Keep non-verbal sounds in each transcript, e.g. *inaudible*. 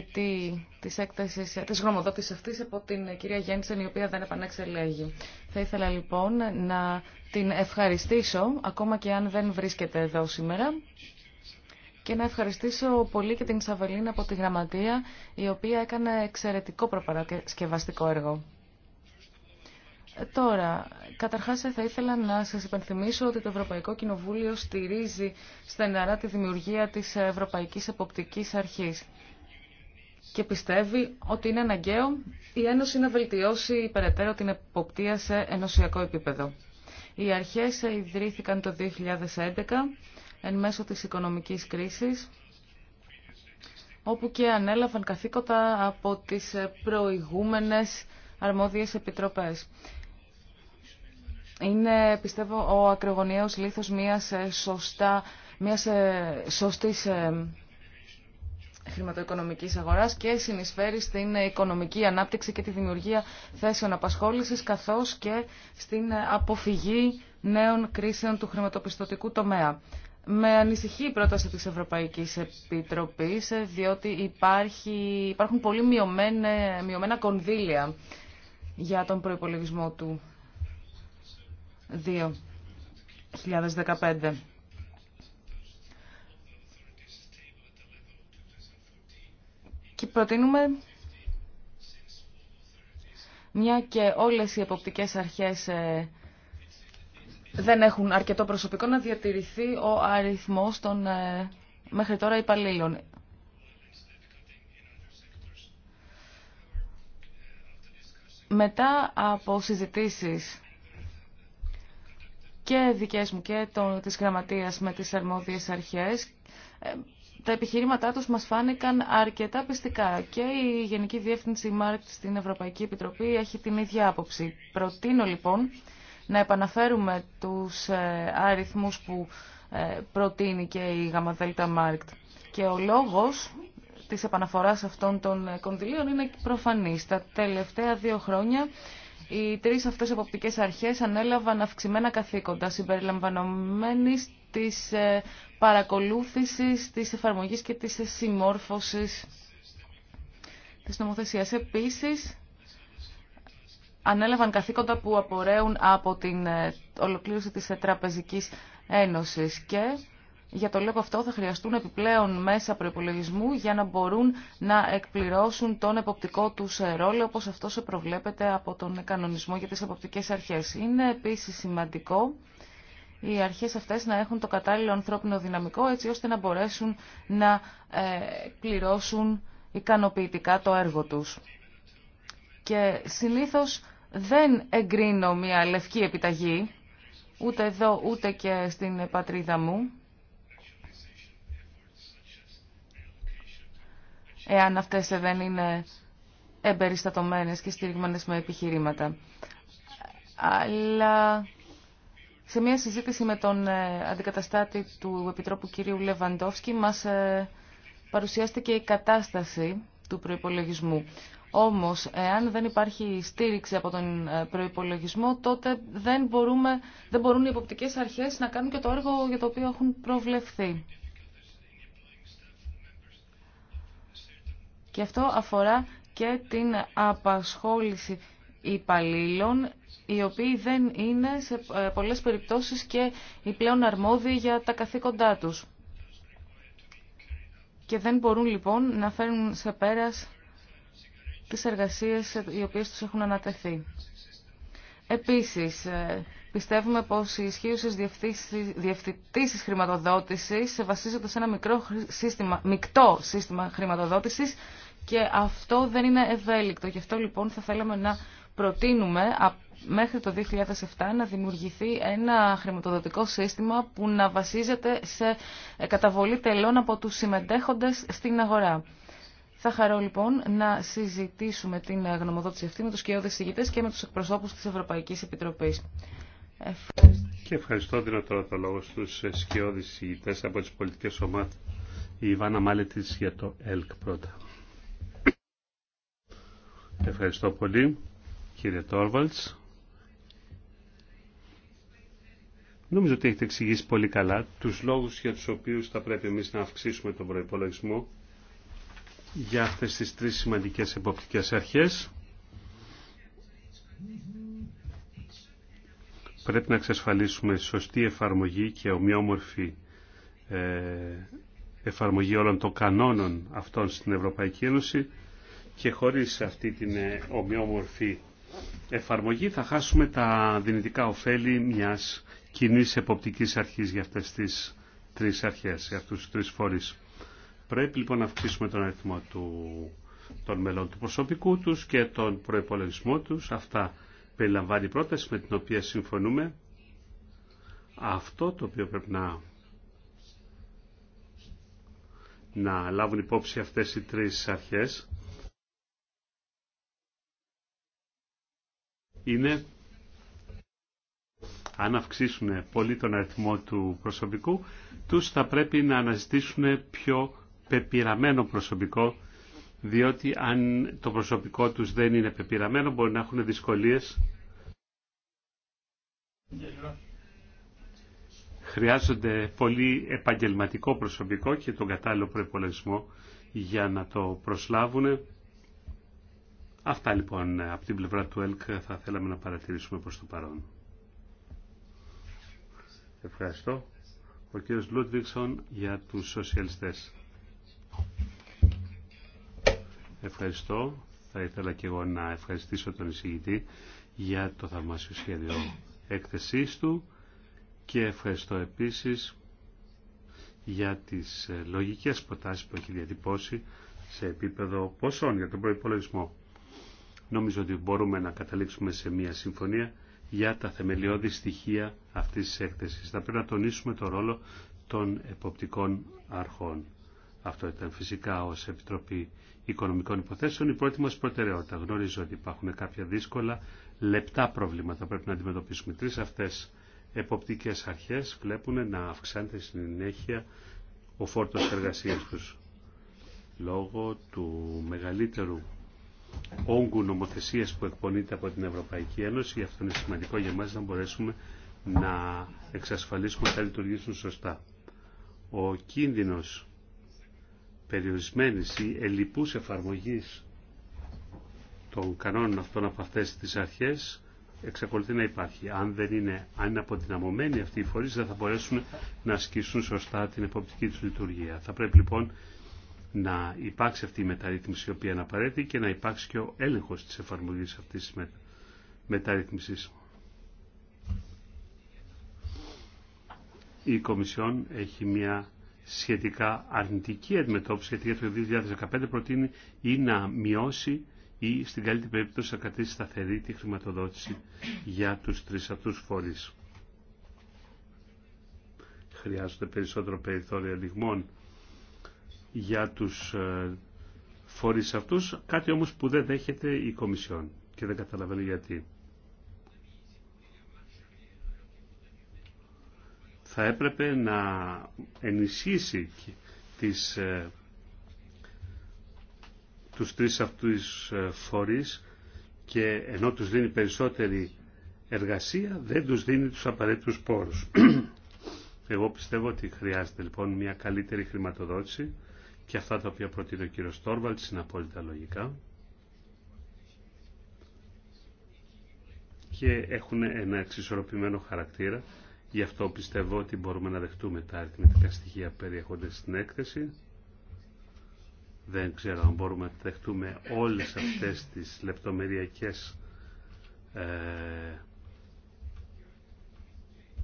κοιτή της, αυτής από την κυρία Γέννησεν η οποία δεν επανεξελέγει. Θα ήθελα λοιπόν να την ευχαριστήσω ακόμα και αν δεν βρίσκεται εδώ σήμερα και να ευχαριστήσω πολύ και την Σαβελίνα από τη Γραμματεία η οποία έκανε εξαιρετικό προπαρασκευαστικό έργο. Τώρα, καταρχάς θα ήθελα να σας υπενθυμίσω ότι το Ευρωπαϊκό Κοινοβούλιο στηρίζει στεναρά τη δημιουργία της Ευρωπαϊκής Εποπτικής Αρχής και πιστεύει ότι είναι αναγκαίο η Ένωση να βελτιώσει περαιτέρω την εποπτεία σε ενωσιακό επίπεδο. Οι αρχές ιδρύθηκαν το 2011 εν μέσω της οικονομικής κρίσης όπου και ανέλαβαν καθήκοντα από τις προηγούμενες αρμόδιες επιτροπές. Είναι, πιστεύω, ο ακρογωνιαίος λίθος μιας, ε, σωστά, μιας ε, σωστής ε, χρηματοοικονομική αγορά και συνεισφέρει στην οικονομική ανάπτυξη και τη δημιουργία θέσεων απασχόληση καθώ και στην αποφυγή νέων κρίσεων του χρηματοπιστωτικού τομέα. Με ανησυχεί η πρόταση της Ευρωπαϊκής Επιτροπής, διότι υπάρχει, υπάρχουν πολύ μειωμένα, μειωμένα κονδύλια για τον προϋπολογισμό του 2015. Και προτείνουμε μια και όλες οι εποπτικές αρχές ε, δεν έχουν αρκετό προσωπικό να διατηρηθεί ο αριθμός των ε, μέχρι τώρα υπαλλήλων. Μετά από συζητήσεις και δικές μου και των, της γραμματείας με τις αρμόδιες αρχές ε, τα επιχειρήματά τους μας φάνηκαν αρκετά πιστικά και η Γενική Διεύθυνση ΜΑΡΚΤ στην Ευρωπαϊκή Επιτροπή έχει την ίδια άποψη. Προτείνω λοιπόν να επαναφέρουμε τους ε, αριθμούς που ε, προτείνει και η Γαμαδέλτα ΜΑΡΚΤ. Και ο λόγος της επαναφοράς αυτών των ε, κονδυλίων είναι προφανής. Τα τελευταία δύο χρόνια οι τρεις αυτές εποπτικές αρχές ανέλαβαν αυξημένα καθήκοντα συμπεριλαμβανομένης της ε, παρακολούθησης, της εφαρμογής και της συμμόρφωσης της νομοθεσίας. Επίσης, ανέλαβαν καθήκοντα που απορρέουν από την ε, ολοκλήρωση της ε, Τραπεζικής Ένωσης και για το λόγο αυτό θα χρειαστούν επιπλέον μέσα προπολογισμού για να μπορούν να εκπληρώσουν τον εποπτικό του ρόλο όπως αυτό προβλέπεται από τον κανονισμό για τις εποπτικές αρχές. Είναι επίσης σημαντικό οι αρχές αυτές να έχουν το κατάλληλο ανθρώπινο δυναμικό έτσι ώστε να μπορέσουν να ε, πληρώσουν ικανοποιητικά το έργο τους. Και συνήθως δεν εγκρίνω μια λευκή επιταγή, ούτε εδώ ούτε και στην πατρίδα μου, εάν αυτές δεν είναι εμπεριστατωμένες και στηριγμένες με επιχειρήματα. Αλλά σε μια συζήτηση με τον ε, αντικαταστάτη του Επιτρόπου κυρίου Λεβαντόφσκι μας ε, παρουσιάστηκε η κατάσταση του προϋπολογισμού. Όμως, εάν δεν υπάρχει στήριξη από τον ε, προϋπολογισμό, τότε δεν, μπορούμε, δεν μπορούν οι υποπτικές αρχές να κάνουν και το έργο για το οποίο έχουν προβλεφθεί. Και αυτό αφορά και την απασχόληση υπαλλήλων οι οποίοι δεν είναι σε ε, πολλές περιπτώσεις και οι πλέον αρμόδιοι για τα καθήκοντά τους. Και δεν μπορούν λοιπόν να φέρουν σε πέρας τις εργασίες οι οποίες τους έχουν ανατεθεί. Επίσης, ε, πιστεύουμε πως οι ισχύουσες διευθυντήσεις χρηματοδότησης βασίζονται σε ένα μικρό σύστημα, μεικτό σύστημα χρηματοδότησης και αυτό δεν είναι ευέλικτο. Γι' αυτό λοιπόν θα θέλαμε να προτείνουμε μέχρι το 2007 να δημιουργηθεί ένα χρηματοδοτικό σύστημα που να βασίζεται σε καταβολή τελών από τους συμμετέχοντες στην αγορά. Θα χαρώ λοιπόν να συζητήσουμε την γνωμοδότηση αυτή με τους κοιόδες ηγητές και με τους εκπροσώπους της Ευρωπαϊκής Επιτροπής. Και ευχαριστώ δίνω το λόγο στους σκιώδεις ηγητές από τις πολιτικές ομάδες. Η Ιβάνα Μάλετης για το ΕΛΚ πρώτα. Ευχαριστώ πολύ κύριε Τόρβαλτς. Νομίζω ότι έχετε εξηγήσει πολύ καλά τους λόγους για τους οποίους θα πρέπει εμείς να αυξήσουμε τον προϋπολογισμό για αυτές τις τρεις σημαντικές εποπτικές αρχές. Πρέπει να εξασφαλίσουμε σωστή εφαρμογή και ομοιόμορφη ε, εφαρμογή όλων των κανόνων αυτών στην Ευρωπαϊκή Ένωση και χωρίς αυτή την ε, ομοιόμορφη εφαρμογή θα χάσουμε τα δυνητικά ωφέλη μιας κοινή εποπτικής αρχής για αυτές τις τρεις αρχές, για αυτούς τους τρεις φορείς. Πρέπει λοιπόν να αυξήσουμε τον αριθμό του, των μελών του προσωπικού τους και τον προϋπολογισμό τους. Αυτά περιλαμβάνει η πρόταση με την οποία συμφωνούμε. Αυτό το οποίο πρέπει να, να λάβουν υπόψη αυτές οι τρεις αρχές είναι αν αυξήσουν πολύ τον αριθμό του προσωπικού τους θα πρέπει να αναζητήσουν πιο πεπειραμένο προσωπικό διότι αν το προσωπικό τους δεν είναι πεπειραμένο μπορεί να έχουν δυσκολίες. Χρειάζονται πολύ επαγγελματικό προσωπικό και τον κατάλληλο προπολογισμό για να το προσλάβουν Αυτά λοιπόν από την πλευρά του ΕΛΚ θα θέλαμε να παρατηρήσουμε προς το παρόν. Ευχαριστώ. Ο κύριος Λούντβιξον για τους σοσιαλιστές. Ευχαριστώ. Θα ήθελα και εγώ να ευχαριστήσω τον εισηγητή για το θαυμάσιο σχέδιο έκθεσής του και ευχαριστώ επίσης για τις ε, λογικές προτάσεις που έχει διατυπώσει σε επίπεδο ποσών για τον προϋπολογισμό νομίζω ότι μπορούμε να καταλήξουμε σε μια συμφωνία για τα θεμελιώδη στοιχεία αυτής της έκθεσης. Θα πρέπει να τονίσουμε το ρόλο των εποπτικών αρχών. Αυτό ήταν φυσικά ως Επιτροπή Οικονομικών Υποθέσεων η πρώτη μας προτεραιότητα. Γνωρίζω ότι υπάρχουν κάποια δύσκολα, λεπτά προβλήματα πρέπει να αντιμετωπίσουμε. Τρεις αυτές εποπτικές αρχές βλέπουν να αυξάνεται συνέχεια ο φόρτος εργασίας τους λόγω του μεγαλύτερου όγκου νομοθεσίας που εκπονείται από την Ευρωπαϊκή Ένωση. αυτό είναι σημαντικό για μας να μπορέσουμε να εξασφαλίσουμε ότι θα λειτουργήσουν σωστά. Ο κίνδυνος περιορισμένης ή ελλειπούς εφαρμογής των κανόνων αυτών από αυτές τις αρχές εξακολουθεί να υπάρχει. Αν δεν είναι, αν είναι αποδυναμωμένοι αυτοί οι φορείς δεν θα μπορέσουν να ασκήσουν σωστά την εποπτική τους λειτουργία. Θα πρέπει λοιπόν να υπάρξει αυτή η μεταρρύθμιση η οποία είναι απαραίτητη και να υπάρξει και ο έλεγχος της εφαρμογής αυτής της μεταρρύθμισης. Η Κομισιόν έχει μια σχετικά αρνητική αντιμετώπιση γιατί για το 2015 προτείνει ή να μειώσει ή στην καλύτερη περίπτωση να κρατήσει σταθερή τη χρηματοδότηση για τους τρεις αυτούς φορείς. Χρειάζονται περισσότερο περιθώριο λιγμών για τους ε, φορείς αυτούς, κάτι όμως που δεν δέχεται η Κομισιόν και δεν καταλαβαίνω γιατί. Θα έπρεπε να ενισχύσει τις, ε, τους τρεις αυτούς ε, φορείς και ενώ τους δίνει περισσότερη εργασία δεν τους δίνει τους απαραίτητους πόρους. *clears throat* Εγώ πιστεύω ότι χρειάζεται λοιπόν μια καλύτερη χρηματοδότηση και αυτά τα οποία προτείνει ο κύριος Τόρβαλτ είναι απόλυτα λογικά και έχουν ένα εξισορροπημένο χαρακτήρα. Γι' αυτό πιστεύω ότι μπορούμε να δεχτούμε τα αριθμητικά στοιχεία που περιέχονται στην έκθεση. Δεν ξέρω αν μπορούμε να δεχτούμε όλες αυτές τις λεπτομεριακές ε,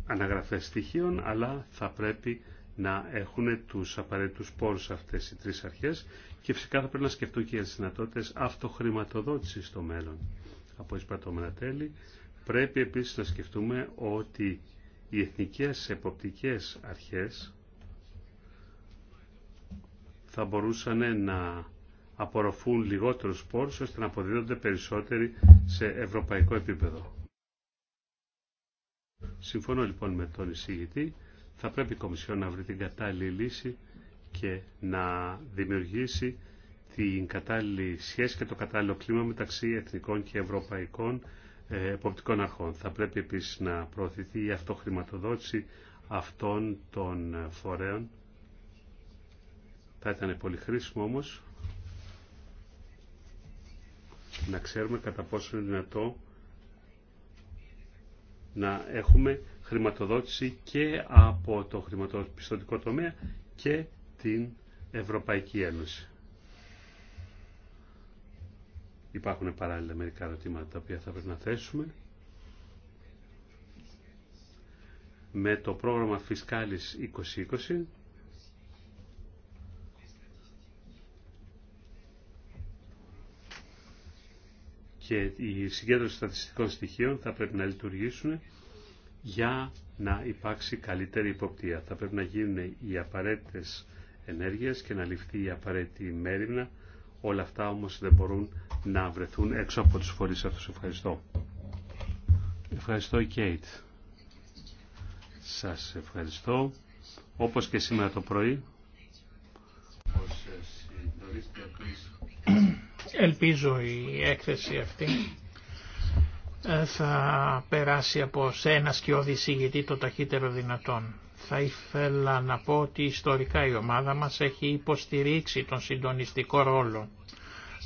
αναγραφές στοιχείων, αλλά θα πρέπει να έχουν τους απαραίτητους πόρους αυτές οι τρεις αρχές και φυσικά θα πρέπει να σκεφτούν και για τις δυνατότητες αυτοχρηματοδότησης στο μέλλον από εισπατώμενα τέλη. Πρέπει επίσης να σκεφτούμε ότι οι εθνικές εποπτικές αρχές θα μπορούσαν να απορροφούν λιγότερους πόρους ώστε να αποδίδονται περισσότεροι σε ευρωπαϊκό επίπεδο. Συμφωνώ λοιπόν με τον εισηγητή θα πρέπει η Κομισιόν να βρει την κατάλληλη λύση και να δημιουργήσει την κατάλληλη σχέση και το κατάλληλο κλίμα μεταξύ εθνικών και ευρωπαϊκών ε, εποπτικών αρχών. Θα πρέπει επίσης να προωθηθεί η αυτοχρηματοδότηση αυτών των ε, φορέων. Θα ήταν πολύ χρήσιμο όμως να ξέρουμε κατά πόσο είναι δυνατό να έχουμε χρηματοδότηση και από το χρηματοπιστωτικό τομέα και την Ευρωπαϊκή Ένωση. Υπάρχουν παράλληλα μερικά ερωτήματα τα οποία θα πρέπει να θέσουμε. Με το πρόγραμμα Φισκάλης 2020 και η συγκέντρωση στατιστικών στοιχείων θα πρέπει να λειτουργήσουν για να υπάρξει καλύτερη υποπτία. Θα πρέπει να γίνουν οι απαραίτητες ενέργειες και να ληφθεί η απαραίτητη μέρημνα. Όλα αυτά όμως δεν μπορούν να βρεθούν έξω από τους φορείς αυτούς. Ευχαριστώ. Ευχαριστώ, Κέιτ. Σας ευχαριστώ. Όπως και σήμερα το πρωί. Ελπίζω η έκθεση αυτή ε, θα περάσει από σε ένα σκιώδη συγγητή το ταχύτερο δυνατόν. Θα ήθελα να πω ότι ιστορικά η ομάδα μας έχει υποστηρίξει τον συντονιστικό ρόλο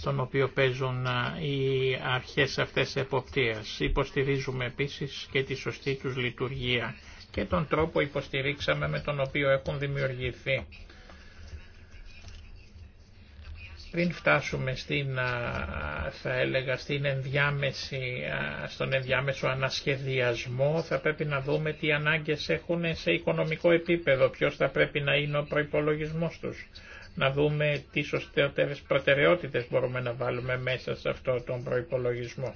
τον οποίο παίζουν ε, οι αρχές αυτές εποπτείας. Υποστηρίζουμε επίσης και τη σωστή τους λειτουργία και τον τρόπο υποστηρίξαμε με τον οποίο έχουν δημιουργηθεί. Πριν φτάσουμε στην, θα έλεγα, στην ενδιάμεση, στον ενδιάμεσο ανασχεδιασμό, θα πρέπει να δούμε τι ανάγκες έχουν σε οικονομικό επίπεδο, ποιος θα πρέπει να είναι ο προϋπολογισμός τους. Να δούμε τι σωστότερες προτεραιότητες μπορούμε να βάλουμε μέσα σε αυτό τον προϋπολογισμό.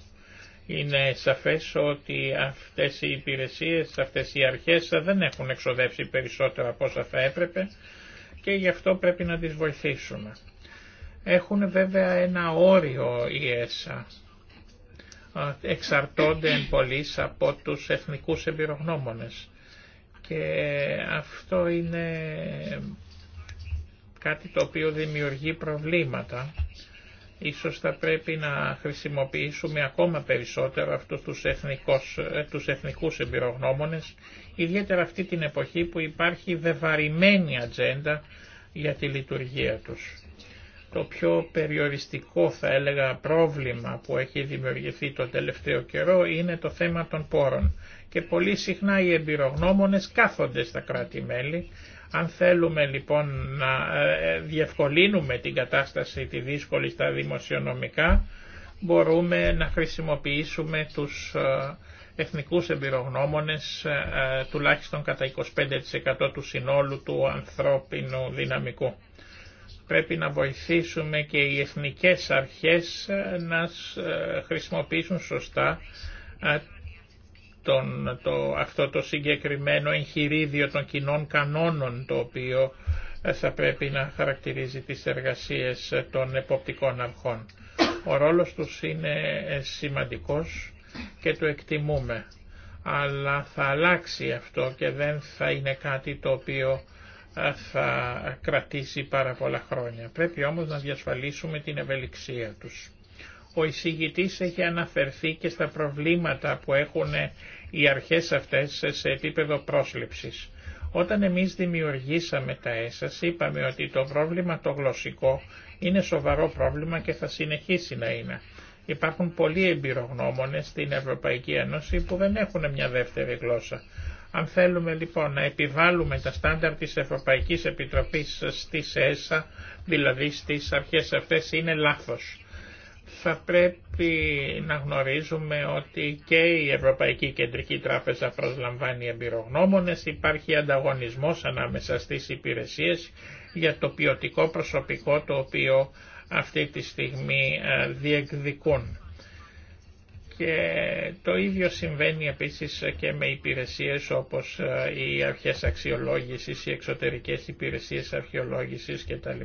Είναι σαφές ότι αυτές οι υπηρεσίες, αυτές οι αρχές δεν έχουν εξοδεύσει περισσότερα από όσα θα έπρεπε και γι' αυτό πρέπει να τις βοηθήσουμε. Έχουν βέβαια ένα όριο η ΕΣΑ. Εξαρτώνται εν πολλής από τους εθνικούς εμπειρογνώμονες. Και αυτό είναι κάτι το οποίο δημιουργεί προβλήματα. Ίσως θα πρέπει να χρησιμοποιήσουμε ακόμα περισσότερο αυτούς τους, εθνικούς, ε, τους εθνικούς εμπειρογνώμονες, ιδιαίτερα αυτή την εποχή που υπάρχει βεβαρημένη ατζέντα για τη λειτουργία τους το πιο περιοριστικό θα έλεγα πρόβλημα που έχει δημιουργηθεί το τελευταίο καιρό είναι το θέμα των πόρων. Και πολύ συχνά οι εμπειρογνώμονες κάθονται στα κράτη-μέλη. Αν θέλουμε λοιπόν να ε, ε, διευκολύνουμε την κατάσταση τη δύσκολη στα δημοσιονομικά, μπορούμε να χρησιμοποιήσουμε τους ε, εθνικούς εμπειρογνώμονες τουλάχιστον κατά 25% του συνόλου του ανθρώπινου δυναμικού πρέπει να βοηθήσουμε και οι εθνικές αρχές ε, να ε, χρησιμοποιήσουν σωστά ε, τον, το, αυτό το συγκεκριμένο εγχειρίδιο των κοινών κανόνων το οποίο θα πρέπει να χαρακτηρίζει τις εργασίες των εποπτικών αρχών. Ο ρόλος τους είναι σημαντικός και το εκτιμούμε, αλλά θα αλλάξει αυτό και δεν θα είναι κάτι το οποίο θα κρατήσει πάρα πολλά χρόνια. Πρέπει όμως να διασφαλίσουμε την ευελιξία τους. Ο εισηγητής έχει αναφερθεί και στα προβλήματα που έχουν οι αρχές αυτές σε επίπεδο πρόσληψης. Όταν εμείς δημιουργήσαμε τα ΕΣΑΣ είπαμε ότι το πρόβλημα το γλωσσικό είναι σοβαρό πρόβλημα και θα συνεχίσει να είναι. Υπάρχουν πολλοί εμπειρογνώμονες στην Ευρωπαϊκή Ένωση που δεν έχουν μια δεύτερη γλώσσα. Αν θέλουμε λοιπόν να επιβάλλουμε τα στάνταρ της Ευρωπαϊκής Επιτροπής στις ΕΣΑ, δηλαδή στις αρχές αυτές, είναι λάθος. Θα πρέπει να γνωρίζουμε ότι και η Ευρωπαϊκή Κεντρική Τράπεζα προσλαμβάνει εμπειρογνώμονες, υπάρχει ανταγωνισμός ανάμεσα στις υπηρεσίες για το ποιοτικό προσωπικό το οποίο αυτή τη στιγμή ε, διεκδικούν και το ίδιο συμβαίνει επίσης και με υπηρεσίες όπως ε, οι αρχές αξιολόγησης, οι εξωτερικές υπηρεσίες αρχαιολόγησης κτλ.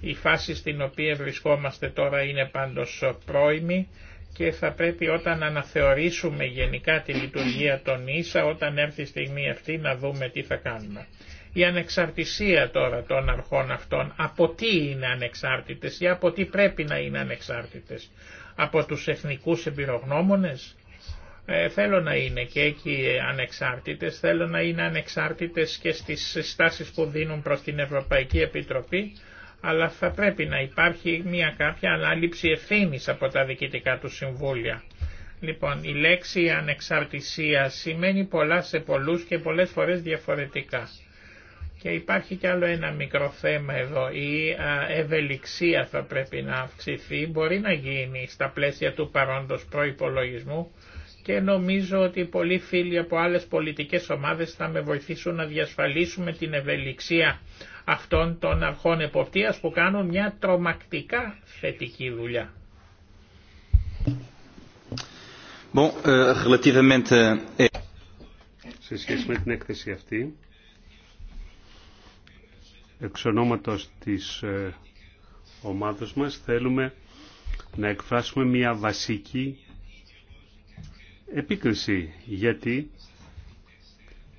Η φάση στην οποία βρισκόμαστε τώρα είναι πάντως πρώιμη και θα πρέπει όταν αναθεωρήσουμε γενικά τη λειτουργία των ίσα, όταν έρθει η στιγμή αυτή να δούμε τι θα κάνουμε. Η ανεξαρτησία τώρα των αρχών αυτών, από τι είναι ανεξάρτητες ή από τι πρέπει να είναι ανεξάρτητες από τους εθνικούς εμπειρογνώμονες. Ε, θέλω να είναι και εκεί ανεξάρτητες, θέλω να είναι ανεξάρτητες και στις στάσεις που δίνουν προς την Ευρωπαϊκή Επιτροπή, αλλά θα πρέπει να υπάρχει μια κάποια ανάληψη ευθύνη από τα διοικητικά του συμβούλια. Λοιπόν, η λέξη ανεξαρτησία σημαίνει πολλά σε πολλούς και πολλές φορές διαφορετικά. Και υπάρχει κι άλλο ένα μικρό θέμα εδώ. Η ευελιξία θα πρέπει να αυξηθεί. Μπορεί να γίνει στα πλαίσια του παρόντος προϋπολογισμού και νομίζω ότι πολλοί φίλοι από άλλες πολιτικές ομάδες θα με βοηθήσουν να διασφαλίσουμε την ευελιξία αυτών των αρχών εποπτείας που κάνουν μια τρομακτικά θετική δουλειά. Euh, euh, Σε σχέση με την έκθεση αυτή, Εξ ονόματος της ε, ομάδος μας θέλουμε να εκφράσουμε μια βασική επίκριση γιατί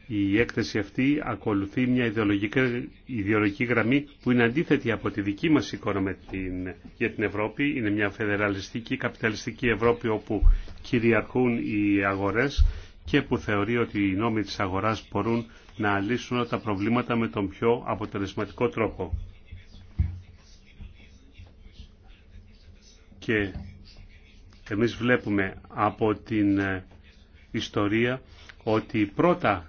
η έκθεση αυτή ακολουθεί μια ιδεολογική, γραμμή που είναι αντίθετη από τη δική μας εικόνα την, για την Ευρώπη. Είναι μια φεδεραλιστική, καπιταλιστική Ευρώπη όπου κυριαρχούν οι αγορές και που θεωρεί ότι οι νόμοι της αγοράς μπορούν να λύσουν τα προβλήματα με τον πιο αποτελεσματικό τρόπο. Και εμείς βλέπουμε από την ε, ιστορία ότι πρώτα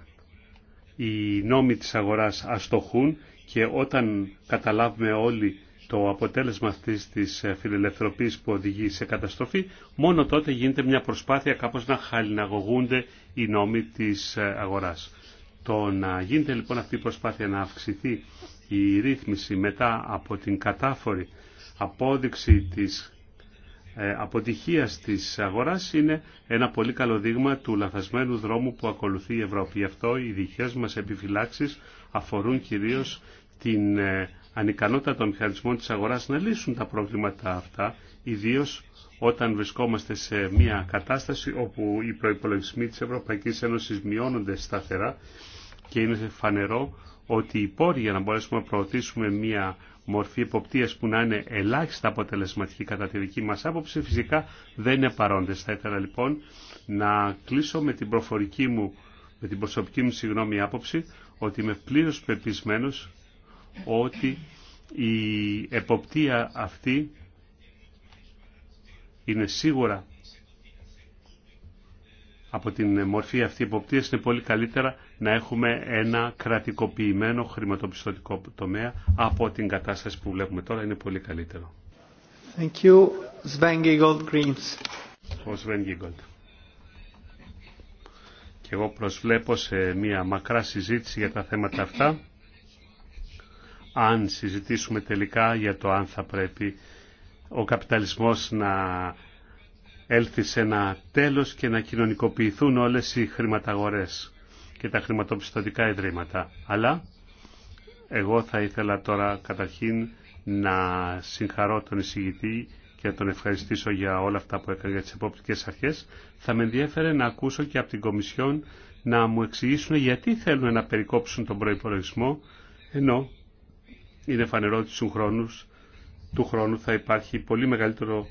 οι νόμοι της αγοράς αστοχούν και όταν καταλάβουμε όλοι το αποτέλεσμα αυτής της ε, φιλελευθερωπής που οδηγεί σε καταστροφή, μόνο τότε γίνεται μια προσπάθεια κάπως να χαλιναγωγούνται οι νόμοι της ε, αγοράς. Το να γίνεται λοιπόν αυτή η προσπάθεια να αυξηθεί η ρύθμιση μετά από την κατάφορη απόδειξη της ε, αποτυχίας της αγοράς είναι ένα πολύ καλό δείγμα του λαθασμένου δρόμου που ακολουθεί η Ευρώπη. Γι' αυτό οι δικές μας επιφυλάξεις αφορούν κυρίως την ε, ανικανότητα των μηχανισμών της αγοράς να λύσουν τα προβλήματα αυτά, ιδίως όταν βρισκόμαστε σε μια κατάσταση όπου οι προϋπολογισμοί της Ευρωπαϊκής Ένωσης μειώνονται σταθερά και είναι φανερό ότι οι πόροι για να μπορέσουμε να προωθήσουμε μια μορφή εποπτείας που να είναι ελάχιστα αποτελεσματική κατά τη δική μας άποψη φυσικά δεν είναι παρόντες. Θα ήθελα λοιπόν να κλείσω με την προφορική μου, με την προσωπική μου συγγνώμη άποψη ότι είμαι πλήρως πεπισμένος ότι η εποπτεία αυτή είναι σίγουρα από την μορφή αυτή υποπτήρηση είναι πολύ καλύτερα να έχουμε ένα κρατικοποιημένο χρηματοπιστωτικό τομέα από την κατάσταση που βλέπουμε τώρα είναι πολύ καλύτερο. Thank you. Sven Giegold, Greens. Ο Sven Giegold. Και εγώ προσβλέπω σε μια μακρά συζήτηση για τα θέματα αυτά. Αν συζητήσουμε τελικά για το αν θα πρέπει ο καπιταλισμός να έλθει σε ένα τέλος και να κοινωνικοποιηθούν όλες οι χρηματαγορές και τα χρηματοπιστωτικά ιδρύματα. Αλλά εγώ θα ήθελα τώρα καταρχήν να συγχαρώ τον εισηγητή και να τον ευχαριστήσω για όλα αυτά που έκανε για τις επόπτικες αρχές. Θα με ενδιέφερε να ακούσω και από την Κομισιόν να μου εξηγήσουν γιατί θέλουν να περικόψουν τον προϋπολογισμό ενώ είναι φανερό ότι του χρόνου θα υπάρχει πολύ μεγαλύτερο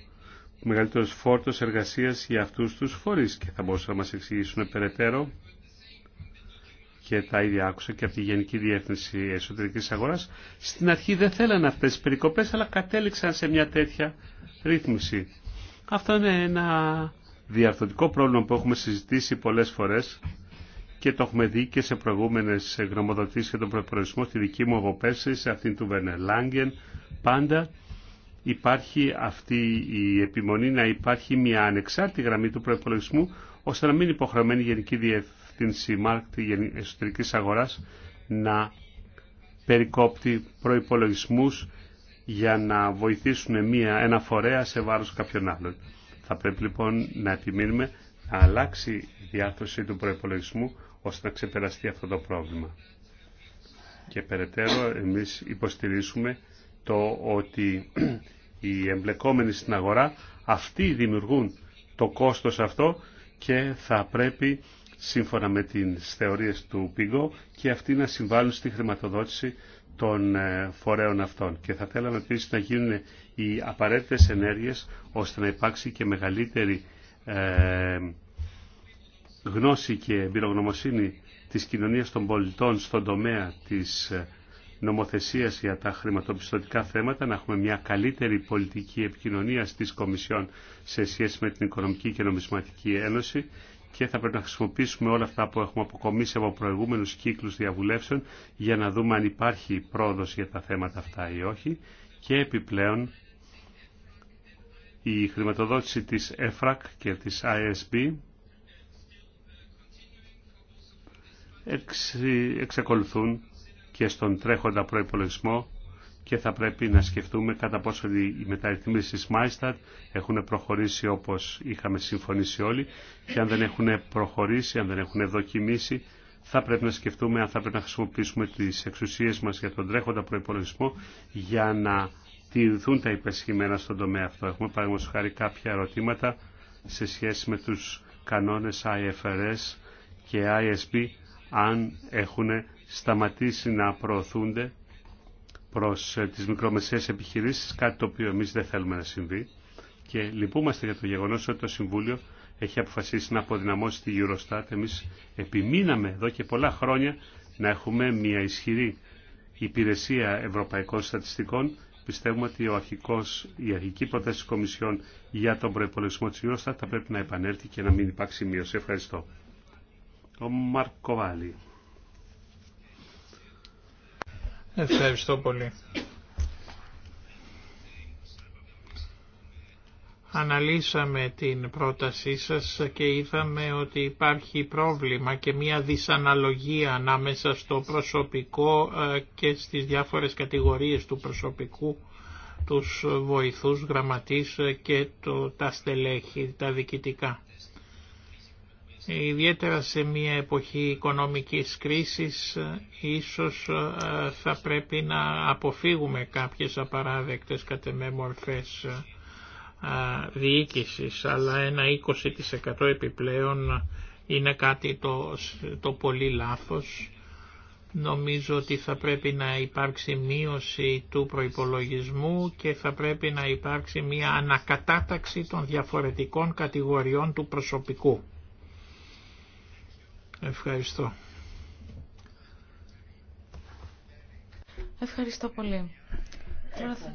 μεγαλύτερος φόρτος εργασίας για αυτούς τους φορείς και θα μπορούσαν να μας εξηγήσουν περαιτέρω και τα ίδια άκουσα και από τη Γενική Διεύθυνση Εσωτερικής Αγοράς. Στην αρχή δεν θέλανε αυτές τις περικοπές αλλά κατέληξαν σε μια τέτοια ρύθμιση. Αυτό είναι ένα διαρθωτικό πρόβλημα που έχουμε συζητήσει πολλές φορές και το έχουμε δει και σε προηγούμενε γνωμοδοτήσει για τον προπολογισμό στη δική μου από σε αυτήν του Βενελάγγεν, Πάντα υπάρχει αυτή η επιμονή να υπάρχει μια ανεξάρτητη γραμμή του προπολογισμού ώστε να μην υποχρεωμένη η Γενική Διευθύνση Μάρκτη Εσωτερικής Αγοράς να περικόπτει προϋπολογισμούς για να βοηθήσουν μια, ένα φορέα σε βάρος κάποιων άλλων. Θα πρέπει λοιπόν να επιμείνουμε να αλλάξει η διάθεση του προϋπολογισμού ώστε να ξεπεραστεί αυτό το πρόβλημα. Και περαιτέρω εμείς υποστηρίζουμε το ότι *clears throat* οι εμπλεκόμενοι στην αγορά αυτοί δημιουργούν το κόστος αυτό και θα πρέπει σύμφωνα με τις θεωρίες του Πίγκο και αυτοί να συμβάλλουν στη χρηματοδότηση των ε, φορέων αυτών. Και θα θέλαμε επίσης να γίνουν οι απαραίτητες ενέργειες ώστε να υπάρξει και μεγαλύτερη ε, γνώση και εμπειρογνωμοσύνη της κοινωνίας των πολιτών στον τομέα της ε, νομοθεσίας για τα χρηματοπιστωτικά θέματα, να έχουμε μια καλύτερη πολιτική επικοινωνία της Κομισιόν σε σχέση με την Οικονομική και Νομισματική Ένωση και θα πρέπει να χρησιμοποιήσουμε όλα αυτά που έχουμε αποκομίσει από προηγούμενους κύκλους διαβουλεύσεων για να δούμε αν υπάρχει πρόοδος για τα θέματα αυτά ή όχι και επιπλέον η χρηματοδότηση της ΕΦΡΑΚ και της ISB εξακολουθούν και στον τρέχοντα προϋπολογισμό και θα πρέπει να σκεφτούμε κατά πόσο οι μεταρρυθμίσεις Μάιστατ έχουν προχωρήσει όπως είχαμε συμφωνήσει όλοι και αν δεν έχουν προχωρήσει, αν δεν έχουν δοκιμήσει, θα πρέπει να σκεφτούμε αν θα πρέπει να χρησιμοποιήσουμε τις εξουσίες μας για τον τρέχοντα προϋπολογισμό για να τηρηθούν τα υπεσχημένα στον τομέα αυτό. Έχουμε παραδείγματος χάρη κάποια ερωτήματα σε σχέση με τους κανόνες IFRS και ISB αν έχουν σταματήσει να προωθούνται προς ε, τις μικρομεσαίες επιχειρήσεις, κάτι το οποίο εμείς δεν θέλουμε να συμβεί. Και λυπούμαστε για το γεγονός ότι το Συμβούλιο έχει αποφασίσει να αποδυναμώσει τη Eurostat. Εμείς επιμείναμε εδώ και πολλά χρόνια να έχουμε μια ισχυρή υπηρεσία ευρωπαϊκών στατιστικών. Πιστεύουμε ότι ο αρχικός, η αρχική πρόταση της Κομισιόν για τον προπολογισμό της Eurostat θα πρέπει να επανέλθει και να μην υπάρξει μείωση. Ευχαριστώ. Ο Ευχαριστώ πολύ. Αναλύσαμε την πρότασή σας και είδαμε ότι υπάρχει πρόβλημα και μία δυσαναλογία ανάμεσα στο προσωπικό ε, και στις διάφορες κατηγορίες του προσωπικού, τους βοηθούς, γραμματείς ε, και το, τα στελέχη, τα διοικητικά. Ιδιαίτερα σε μια εποχή οικονομικής κρίσης ίσως ε, θα πρέπει να αποφύγουμε κάποιες απαράδεκτες μορφές ε, διοίκησης, αλλά ένα 20% επιπλέον είναι κάτι το, το πολύ λάθος. Νομίζω ότι θα πρέπει να υπάρξει μείωση του προϋπολογισμού και θα πρέπει να υπάρξει μια ανακατάταξη των διαφορετικών κατηγοριών του προσωπικού. Ευχαριστώ. Ευχαριστώ πολύ. θα...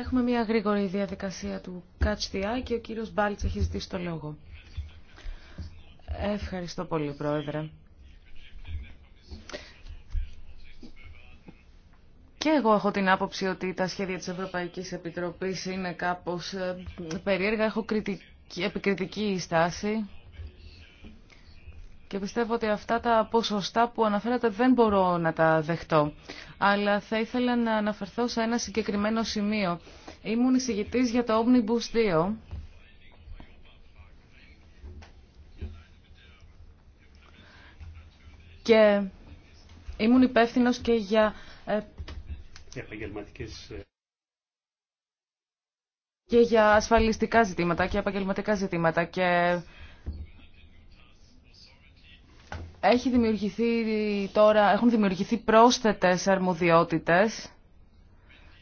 έχουμε μια γρήγορη διαδικασία του Catch the Eye και ο κύριος Μπάλτς έχει ζητήσει το λόγο. Ευχαριστώ πολύ, Πρόεδρε. Και εγώ έχω την άποψη ότι τα σχέδια της Ευρωπαϊκής Επιτροπής είναι κάπως ε, περίεργα. Έχω επικριτική στάση. Και πιστεύω ότι αυτά τα ποσοστά που αναφέρατε δεν μπορώ να τα δεχτώ. Αλλά θα ήθελα να αναφερθώ σε ένα συγκεκριμένο σημείο. Ήμουν εισηγητής για το Omnibus 2. Και ήμουν υπεύθυνος και για... Ε, ε, και για ασφαλιστικά ζητήματα και επαγγελματικά ζητήματα. Και έχει δημιουργηθεί τώρα, έχουν δημιουργηθεί πρόσθετες αρμοδιότητες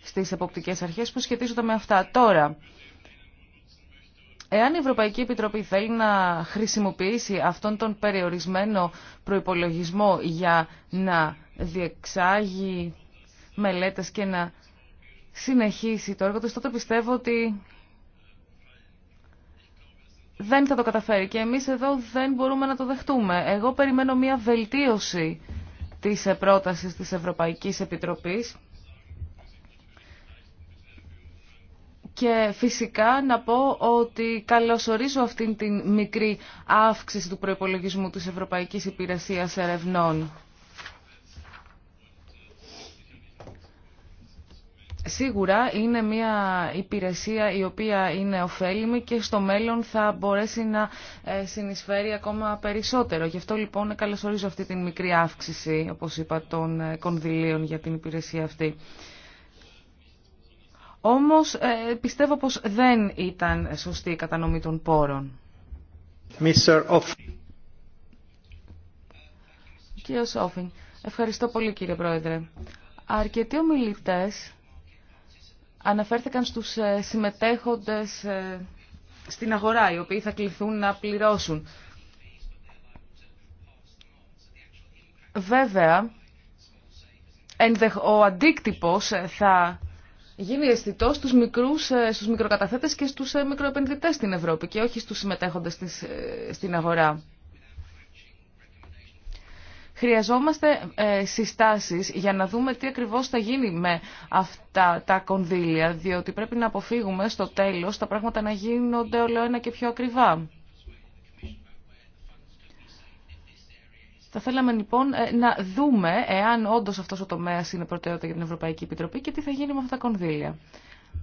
στις εποπτικές αρχές που σχετίζονται με αυτά. Τώρα, εάν η Ευρωπαϊκή Επιτροπή θέλει να χρησιμοποιήσει αυτόν τον περιορισμένο προϋπολογισμό για να διεξάγει μελέτες και να συνεχίσει το έργο τότε πιστεύω ότι δεν θα το καταφέρει και εμείς εδώ δεν μπορούμε να το δεχτούμε. Εγώ περιμένω μια βελτίωση της πρότασης της Ευρωπαϊκής Επιτροπής και φυσικά να πω ότι καλωσορίζω αυτήν την μικρή αύξηση του προϋπολογισμού της Ευρωπαϊκής Υπηρεσίας Ερευνών. Σίγουρα είναι μια υπηρεσία η οποία είναι ωφέλιμη και στο μέλλον θα μπορέσει να ε, συνεισφέρει ακόμα περισσότερο. Γι' αυτό λοιπόν καλωσορίζω αυτή την μικρή αύξηση, όπως είπα, των ε, κονδυλίων για την υπηρεσία αυτή. Όμως ε, πιστεύω πως δεν ήταν σωστή η κατανομή των πόρων. Κύριο Σόφιν, ευχαριστώ πολύ κύριε Πρόεδρε. Αρκετοί ομιλητές αναφέρθηκαν στους ε, συμμετέχοντες ε, στην αγορά, οι οποίοι θα κληθούν να πληρώσουν. Βέβαια, ο αντίκτυπος ε, θα γίνει αισθητό στους, μικρούς, στους μικροκαταθέτες και στους μικροεπενδυτές στην Ευρώπη και όχι στους συμμετέχοντες στην αγορά. Χρειαζόμαστε ε, συστάσεις για να δούμε τι ακριβώς θα γίνει με αυτά τα κονδύλια, διότι πρέπει να αποφύγουμε στο τέλος τα πράγματα να γίνονται όλο ένα και πιο ακριβά. Θα θέλαμε λοιπόν ε, να δούμε εάν όντω αυτό ο τομέα είναι προτεραιότητα για την Ευρωπαϊκή Επιτροπή και τι θα γίνει με αυτά τα κονδύλια.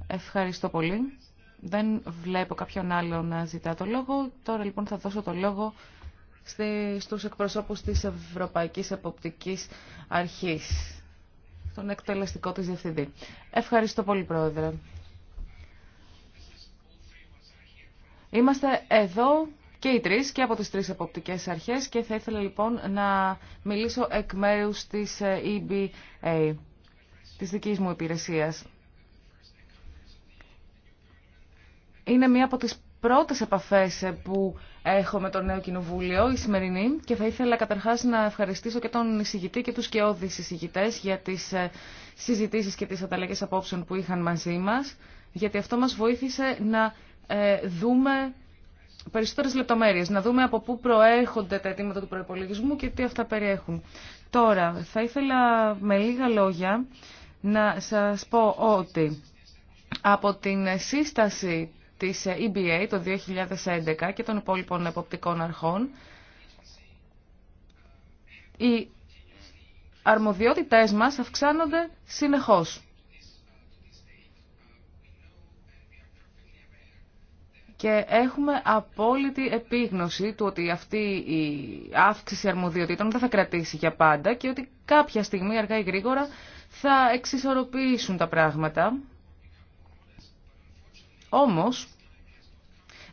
Ευχαριστώ πολύ. Δεν βλέπω κάποιον άλλο να ζητά το λόγο. Τώρα λοιπόν θα δώσω το λόγο στους εκπροσώπους της Ευρωπαϊκής Εποπτικής Αρχής, τον εκτελεστικό της Διευθυντή. Ευχαριστώ πολύ, Πρόεδρε. Είμαστε εδώ και οι τρεις και από τις τρεις εποπτικές αρχές και θα ήθελα λοιπόν να μιλήσω εκ μέρους της ε, EBA, της δικής μου υπηρεσίας. Είναι μία από τις πρώτες επαφές ε, που έχω με το νέο κοινοβούλιο, η σημερινή, και θα ήθελα καταρχάς να ευχαριστήσω και τον εισηγητή και τους κεώδης εισηγητές για τις ε, συζητήσεις και τις ανταλλαγές απόψεων που είχαν μαζί μας, γιατί αυτό μας βοήθησε να ε, δούμε περισσότερες λεπτομέρειες, να δούμε από πού προέρχονται τα αιτήματα του προπολογισμού και τι αυτά περιέχουν. Τώρα, θα ήθελα με λίγα λόγια να σας πω ότι από την σύσταση της EBA το 2011 και των υπόλοιπων εποπτικών αρχών, οι αρμοδιότητές μας αυξάνονται συνεχώς. Και έχουμε απόλυτη επίγνωση του ότι αυτή η αύξηση αρμοδιοτήτων δεν θα κρατήσει για πάντα και ότι κάποια στιγμή αργά ή γρήγορα θα εξισορροπήσουν τα πράγματα όμως,